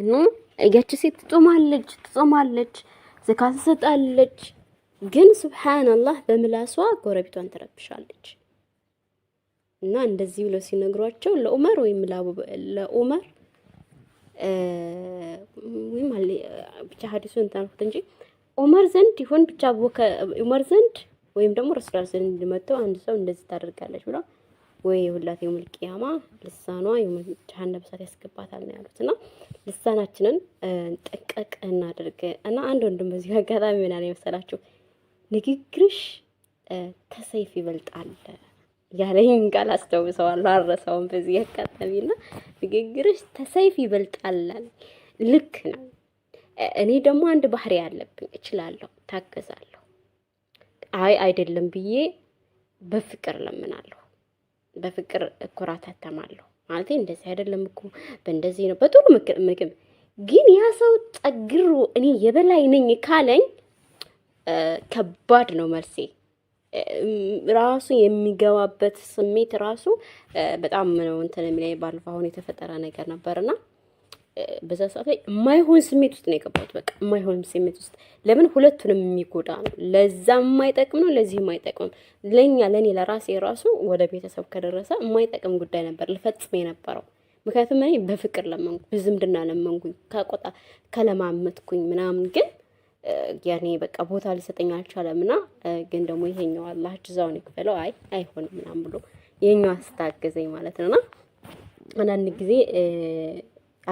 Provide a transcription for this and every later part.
እና እያች ሴት ትጾማለች ትጾማለች፣ ዘካ ትሰጣለች፣ ግን ሱብሃንአላህ በምላሷ ጎረቤቷን ትረብሻለች። እና እንደዚህ ብለው ሲነግሯቸው ለኡመር ወይም ለኡመር ወይም ብቻ ሀዲሱን ታልኩት እንጂ ዑመር ዘንድ ይሁን ብቻ ዑመር ዘንድ ወይም ደግሞ ረሱላ ዘንድ መጥተው አንድ ሰው እንደዚህ ታደርጋለች ብለው ወይ ሁላት የውመል ቂያማ ልሳኗ የውመል ጀሀነም እሳት ያስገባታል ነው ያሉት። እና ልሳናችንን ጠንቀቅ እናድርግ እና አንድ ወንድም በዚህ አጋጣሚ ምናል አለ ንግግርሽ ተሰይፍ ይበልጣል ያለኝ ቃል አስታውሰዋለሁ፣ አልረሳውም። በዚህ አጋጣሚ እና ንግግርሽ ተሰይፍ ይበልጣል ልክ ነው። እኔ ደግሞ አንድ ባህሪ ያለብኝ እችላለሁ፣ ታገዛለሁ። አይ አይደለም ብዬ በፍቅር ለምናለሁ። በፍቅር እኮራታተማለሁ ማለት እንደዚህ አይደለም እኮ በእንደዚህ ነው በጥሩ ምግብ ግን ያ ሰው ጠግሮ እኔ የበላይ ነኝ ካለኝ ከባድ ነው መልሴ ራሱ የሚገባበት ስሜት ራሱ በጣም ነው እንትን የሚለኝ። ባለፈው አሁን የተፈጠረ ነገር ነበርና በዛ ሰዓት ላይ የማይሆን ስሜት ውስጥ ነው የገባሁት። በቃ የማይሆን ስሜት ውስጥ ለምን ሁለቱንም የሚጎዳ ነው። ለዛ የማይጠቅም ነው፣ ለዚህ የማይጠቅም ለእኛ ለእኔ ለራሴ ራሱ ወደ ቤተሰብ ከደረሰ የማይጠቅም ጉዳይ ነበር ልፈጽም የነበረው። ምክንያቱም እኔ በፍቅር ለመንኩ፣ በዝምድና ለመንኩኝ፣ ከቆጣ ከለማመጥኩኝ ምናምን ግን ያኔ በቃ ቦታ ሊሰጠኝ አልቻለም። እና ግን ደግሞ ይሄኛው አላህ ጅዛውን ይክፈለው። አይ አይሆንም ምናምን ብሎ ይሄኛው አስታገዘኝ ማለት ነውና አንዳንድ ጊዜ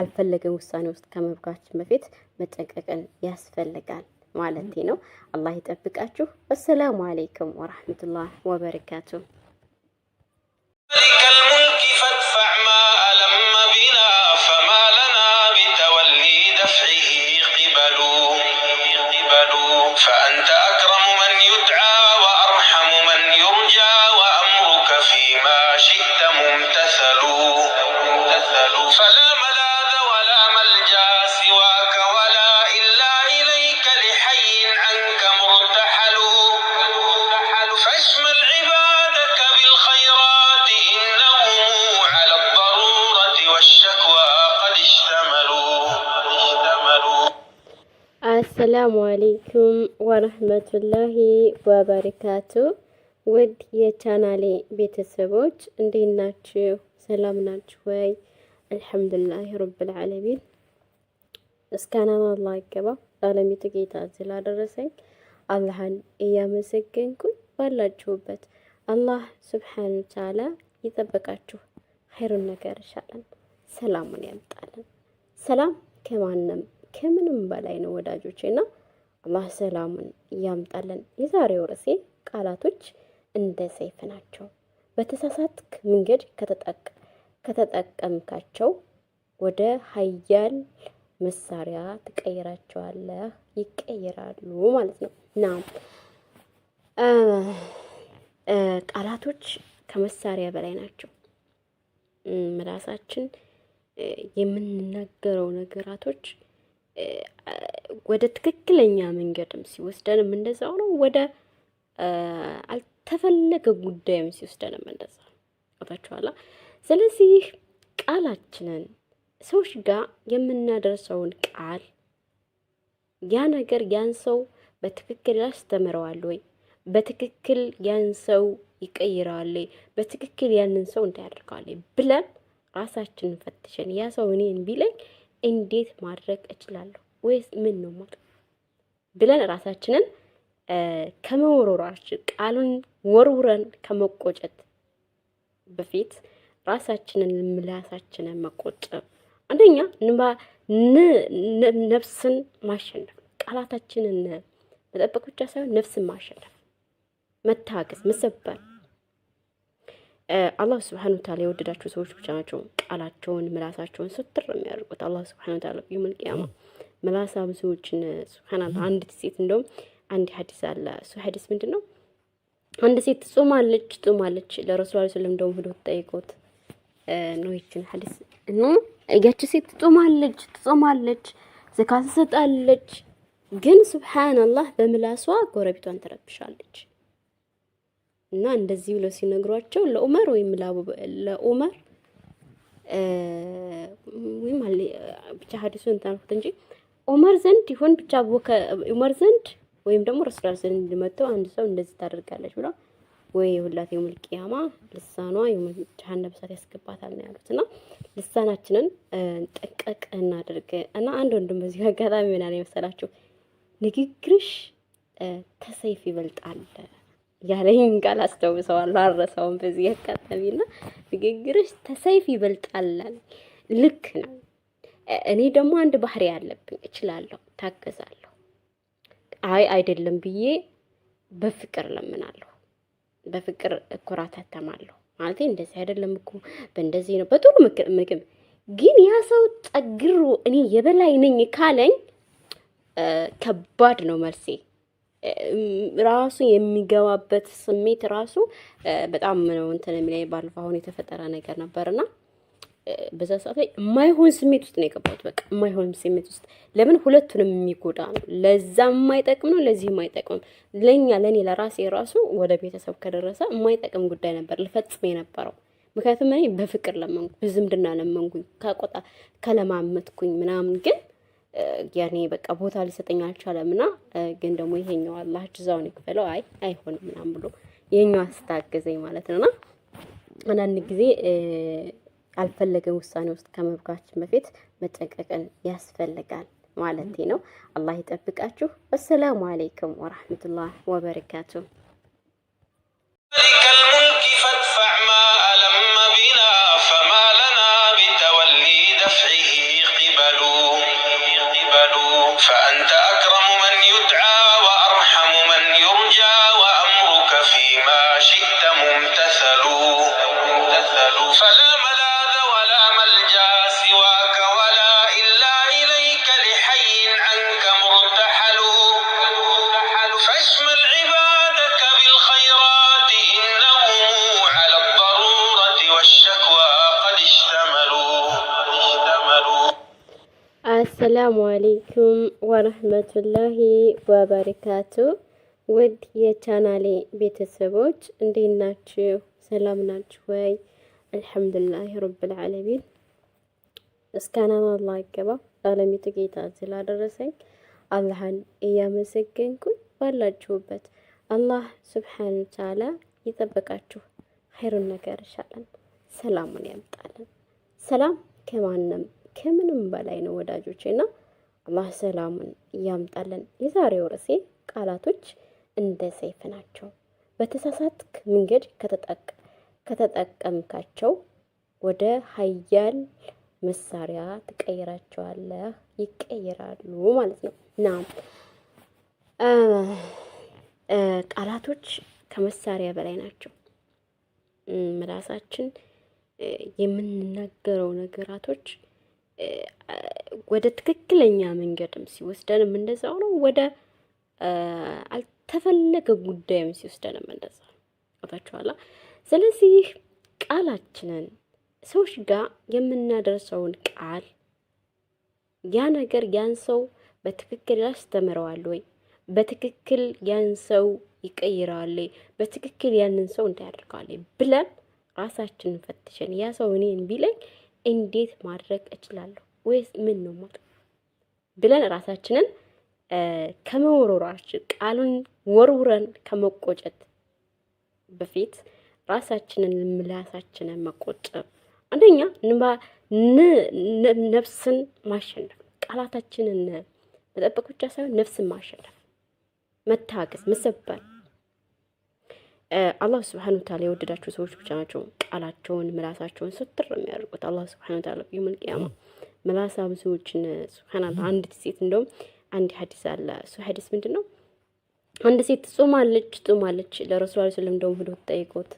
አልፈለገን ውሳኔ ውስጥ ከመብጋችን በፊት መጠንቀቅን ያስፈልጋል ማለት ነው። አላህ ይጠብቃችሁ። አሰላሙ አለይኩም ወራህመቱላህ ወበረካቱ። فأنت አሰላሙ አሌይኩም ወረህመቱላሂ ወበረካቱ። ውድ የቻናሌ ቤተሰቦች እንዴት ናችሁ? ሰላም ናችሁ ወይ? አልሐምዱሊላሂ ረብል ዓለሚን። እስካናን አላህ ይገባ ለዓለሚቱ ጌታ ስላደረሰኝ አላህን እያመሰገንኩኝ ባላችሁበት አላህ ስብሓን ወተዓላ ይጠበቃችሁ፣ ኸይሩን ነገር ይሻለን፣ ሰላሙን ያምጣለን። ሰላም ከማንም ከምንም በላይ ነው ወዳጆቼ። ና አላህ ሰላሙን እያምጣለን። የዛሬው ርዕሴ ቃላቶች እንደ ሰይፍ ናቸው። በተሳሳትክ መንገድ ከተጠቀምካቸው ወደ ሀያል መሳሪያ ትቀይራቸዋለህ፣ ይቀይራሉ ማለት ነው ና ቃላቶች ከመሳሪያ በላይ ናቸው። ምላሳችን የምንናገረው ነገራቶች ወደ ትክክለኛ መንገድም ሲወስደንም እንደዛው ነው። ወደ አልተፈለገ ጉዳይም ሲወስደንም እንደዛ ነው። አታችኋላ። ስለዚህ ቃላችንን ሰዎች ጋር የምናደርሰውን ቃል ያ ነገር ያን ሰው በትክክል ያስተምረዋል ወይ? በትክክል ያን ሰው ይቀይረዋል ወይ? በትክክል ያንን ሰው እንዳያደርገዋል ብለን ራሳችንን ፈትሸን ያ ሰው እኔን ቢለኝ እንዴት ማድረግ እችላለሁ ወይስ ምን ነው ማለት ብለን ራሳችንን ከመወረራችን ቃሉን ወርውረን ከመቆጨት በፊት ራሳችንን ምላሳችንን መቆጠብ አንደኛ ንባ ነፍስን ማሸነፍ ቃላታችንን መጠበቅ ብቻ ሳይሆን ነፍስን ማሸነፍ፣ መታገዝ፣ መሰበር አላህ ስብሓን ታላ የወደዳቸው ሰዎች ብቻ ናቸው ቃላቸውን ምላሳቸውን ስትር የሚያደርጉት። አላህ ስብሓን ታላ የውመል ቂያማ ምላሳ ብዙዎችን ስብሓናላ። አንዲት ሴት እንደውም አንድ ሀዲስ አለ። እሱ ሀዲስ ምንድን ነው? አንድ ሴት ጾማለች ጾማለች ለረሱል ላ ስለም እንደውም ሂዶ ጠይቆት ነው ይችን ሀዲስ እና ያቺ ሴት ትጾማለች ትጾማለች ዘካ ትሰጣለች፣ ግን ስብሓን አላህ በምላሷ ጎረቤቷን ትረብሻለች። እና እንደዚህ ብለው ሲነግሯቸው ለኡመር ወይም ለኡመር ወይም ብቻ ሀዲሱን እንታልኩት እንጂ ኡመር ዘንድ ይሁን ብቻ ኡመር ዘንድ ወይም ደግሞ ረሱላል ዘንድ መጥተው አንድ ሰው እንደዚህ ታደርጋለች ብለው ወይ ሁላት የሙል ቂያማ ልሳኗ ጀሀነም እሳት ያስገባታል ነው ያሉት። እና ልሳናችንን ጠንቀቅ እናድርግ። እና አንድ ወንድም በዚህ አጋጣሚ ምን አለ መሰላችሁ፣ ንግግርሽ ተሰይፍ ይበልጣል ያለኝ ቃል አስታውሰዋለሁ፣ አረሳውም። በዚህ አጋጣሚና ንግግርሽ ተሰይፍ ይበልጣላል። ልክ ነው። እኔ ደግሞ አንድ ባህሪ ያለብኝ እችላለሁ፣ ታገዛለሁ። አይ አይደለም ብዬ በፍቅር ለምናለሁ፣ በፍቅር እኮራታተማለሁ። ማለት እንደዚህ አይደለም እኮ በእንደዚህ ነው፣ በጥሩ ምግብ ግን ያ ሰው ጠግሮ እኔ የበላይ ነኝ ካለኝ ከባድ ነው መልሴ። ራሱ የሚገባበት ስሜት ራሱ በጣም ነው እንትን የሚለኝ። ባለፈው አሁን የተፈጠረ ነገር ነበርና በዛ ሰዓት ላይ የማይሆን ስሜት ውስጥ ነው የገባሁት። በቃ የማይሆን ስሜት ውስጥ ለምን ሁለቱንም የሚጎዳ ነው። ለዛ የማይጠቅም ነው፣ ለዚህ የማይጠቅምም። ለእኛ ለእኔ ለራሴ ራሱ ወደ ቤተሰብ ከደረሰ የማይጠቅም ጉዳይ ነበር ልፈጽም የነበረው። ምክንያቱም እኔ በፍቅር ለመንኩ፣ በዝምድና ለመንኩኝ፣ ከቆጣ ከለማመትኩኝ ምናምን ግን ያኔ በቃ ቦታ ሊሰጠኝ አልቻለም። ና ግን ደግሞ ይሄኛው አላህ ጅዛውን ይክፈለው፣ አይ አይሆንም ምናምን ብሎ ይሄኛው አስታገዘኝ ማለት ነው። ና አንዳንድ ጊዜ አልፈለገ ውሳኔ ውስጥ ከመብጋችን በፊት መጠንቀቅን ያስፈልጋል ማለት ነው። አላህ ይጠብቃችሁ። ወሰላሙ አሌይኩም ወራህመቱላህ ወበረካቱ። ፈትፈዕ ማ አለመ ቢና ፈማ ለና ቢተወሊ ደፍዒሂ فأنت አሰላሙ አሌይኩም ወረህመቱላሂ ወበረካቱ። ውድ የቻናሌ ቤተሰቦች እንዴት ናችሁ? ሰላም ናችሁ ወይ? አልሐምዱሊላሂ ረብል ዓለሚን። እስካናን አላህ ይገባ ለዓለሚቱ ጌታ ስላደረሰኝ አላህን እያመሰገንኩኝ ባላችሁበት አላህ ስብሓን ወተዓላ ይጠበቃችሁ። ኸይሩን ነገር ይሻለን፣ ሰላሙን ያምጣለን። ሰላም ከማንም ከምንም በላይ ነው ወዳጆቼ። ና አላህ ሰላሙን እያምጣለን። የዛሬው ርዕሴ ቃላቶች እንደ ሰይፍ ናቸው። በተሳሳትክ መንገድ ከተጠቀምካቸው ወደ ሀያል መሳሪያ ትቀይራቸዋለህ፣ ይቀይራሉ ማለት ነው እና ቃላቶች ከመሳሪያ በላይ ናቸው። ምላሳችን የምንናገረው ነገራቶች ወደ ትክክለኛ መንገድም ሲወስደንም እንደዛው ነው። ወደ አልተፈለገ ጉዳይም ሲወስደንም እንደዛ ቦታችኋላ። ስለዚህ ቃላችንን ሰዎች ጋር የምናደርሰውን ቃል ያ ነገር ያን ሰው በትክክል ያስተምረዋል ወይ? በትክክል ያን ሰው ይቀይረዋል? በትክክል ያንን ሰው እንዳያደርገዋል ብለን ራሳችንን ፈትሸን ያ ሰው እኔን ቢለኝ እንዴት ማድረግ እችላለሁ ወይስ ምን ነው ሞት ብለን ራሳችንን ከመወረራችን ቃሉን ወርውረን ከመቆጨት በፊት ራሳችንን ምላሳችንን መቆጠብ አንደኛ ነፍስን ማሸነፍ ቃላታችንን መጠበቅ ብቻ ሳይሆን ነፍስን ማሸነፍ፣ መታገስ፣ መሰበር አላህ ስብሓን ታላ የወደዳቸው ሰዎች ብቻ ናቸው ቃላቸውን ምላሳቸውን ስትር የሚያደርጉት። አላህ ስብሓን ታላ የሙል ቅያማ ምላሳ ብዙዎችን ስብሓናላ። አንዲት ሴት እንደውም አንድ ሀዲስ አለ። እሱ ሀዲስ ምንድን ነው? አንድ ሴት ጾማለች ጾማለች ለረሱል ላ ስለም እንደውም ሂዶ ጠይቆት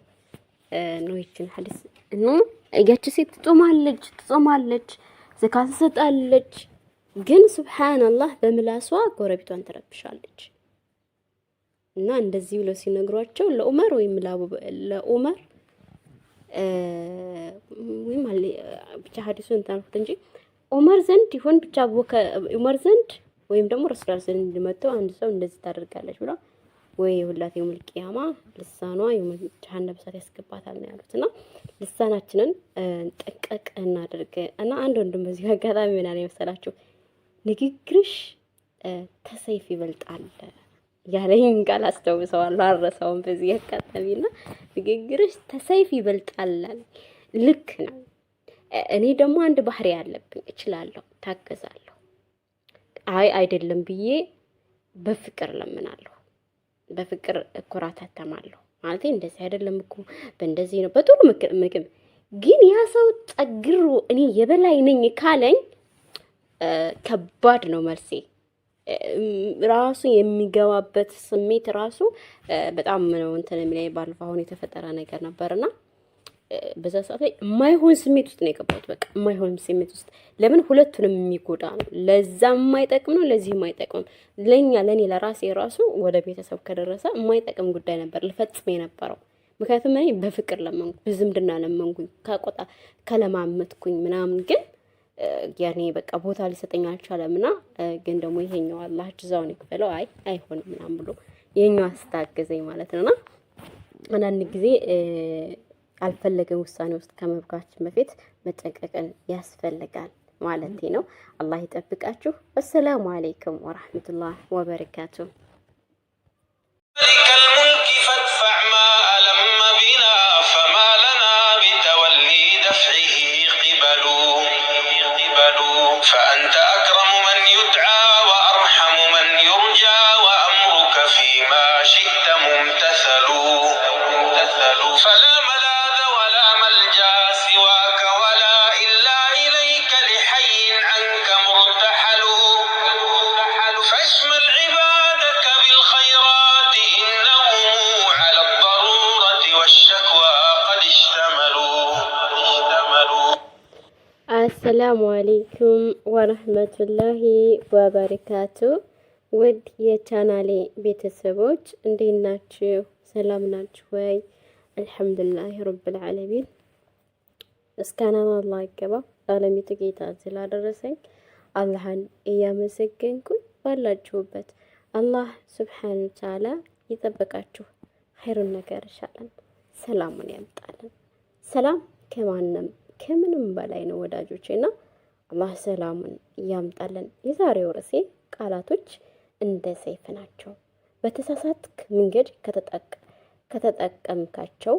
ነው ይችን ሀዲስ እና ያቺ ሴት ትጾማለች ትጾማለች ዘካ ትሰጣለች፣ ግን ስብሓናላህ በምላሷ ጎረቤቷን ትረብሻለች። እና እንደዚህ ብለው ሲነግሯቸው ለኡመር ወይም ለኡመር ወይም ብቻ ሀዲሱ እንታልኩት እንጂ ኡመር ዘንድ ይሆን ብቻ ኡመር ዘንድ ወይም ደግሞ ረሱላል ዘንድ እንዲመጣው አንድ ሰው እንደዚህ ታደርጋለች ብላ ወይ ሁላት የሙል ቂያማ ልሳኗ የሙል ጀሃነም እሳት ያስገባታል ነው ያሉት። እና ልሳናችንን ጠንቀቅ እናደርግ። እና አንድ ወንድም በዚህ አጋጣሚ ምን አለ መሰላችሁ፣ ንግግርሽ ተሰይፍ ይበልጣል ያለኝ ቃል አስታውሰዋለሁ፣ አረሳውም። በዚህ አጋጣሚና ንግግርሽ ተሰይፍ ይበልጣል ልክ ነው። እኔ ደግሞ አንድ ባህሪ ያለብኝ እችላለሁ፣ ታገዛለሁ። አይ አይደለም ብዬ በፍቅር ለምናለሁ፣ በፍቅር እኮራታተማለሁ። ማለት እንደዚህ አይደለም እኮ በእንደዚህ ነው በጥሩ ምክም ግን ያ ሰው ጠግሮ እኔ የበላይ ነኝ ካለኝ ከባድ ነው መልሴ ራሱ የሚገባበት ስሜት ራሱ በጣም ነው እንትን የሚለኝ። ባለፈው አሁን የተፈጠረ ነገር ነበርና በዛ ሰዓት ላይ የማይሆን ስሜት ውስጥ ነው የገባሁት። በቃ የማይሆን ስሜት ውስጥ ለምን ሁለቱንም የሚጎዳ ነው። ለዛ የማይጠቅም ነው፣ ለዚህ የማይጠቅምም። ለእኛ ለእኔ ለራሴ ራሱ ወደ ቤተሰብ ከደረሰ የማይጠቅም ጉዳይ ነበር ልፈጽም የነበረው። ምክንያቱም እኔ በፍቅር ለመንኩ፣ ብዝምድና ለመንኩኝ፣ ከቆጣ ከለማመትኩኝ ምናምን ግን ያኔ በቃ ቦታ ሊሰጠኝ አልቻለም። ና ግን ደግሞ ይሄኛው አላህ ጅዛውን ይክፈለው፣ አይ አይሆንም ምናምን ብሎ ይሄኛው አስታገዘኝ ማለት ነው። ና አንዳንድ ጊዜ አልፈለገን ውሳኔ ውስጥ ከመብጋችን በፊት መጠንቀቅን ያስፈልጋል ማለት ነው። አላህ ይጠብቃችሁ። አሰላሙ አሌይኩም ወራህመቱላህ ወበረካቱ። قبلوا فأنت أكرم من يدعى وأرحم من يرجى وأمرك فيما شئت ممتثل فلا ملاذ ولا ملجا سواك ولا إلا إليك لحي عنك مرتحل فاشمل عبادك بالخيرات إنهم على الضرورة والشكوى قد اشتملوا አሰላሙ አሌይኩም ወረህመቱላሂ ወበረካቱ። ውድ የቻናሌ ቤተሰቦች እንዴት ናችሁ? ሰላም ናችሁ ወይ? አልሐምዱሊላሂ ረብል ዓለሚን። እስካናን አላህ ይገባ ለዓለሚቱ ጌታ ስላደረሰኝ አላህን እያመሰገንኩኝ ባላችሁበት አላህ ስብሓን ወተዓላ ይጠበቃችሁ፣ ኸይሩን ነገር ይሻለን፣ ሰላሙን ያምጣለን። ሰላም ከማንም ከምንም በላይ ነው ወዳጆቼ። እና አላህ ሰላሙን እያምጣለን። የዛሬው ርዕሴ ቃላቶች እንደ ሰይፍ ናቸው። በተሳሳትክ መንገድ ከተጠቀምካቸው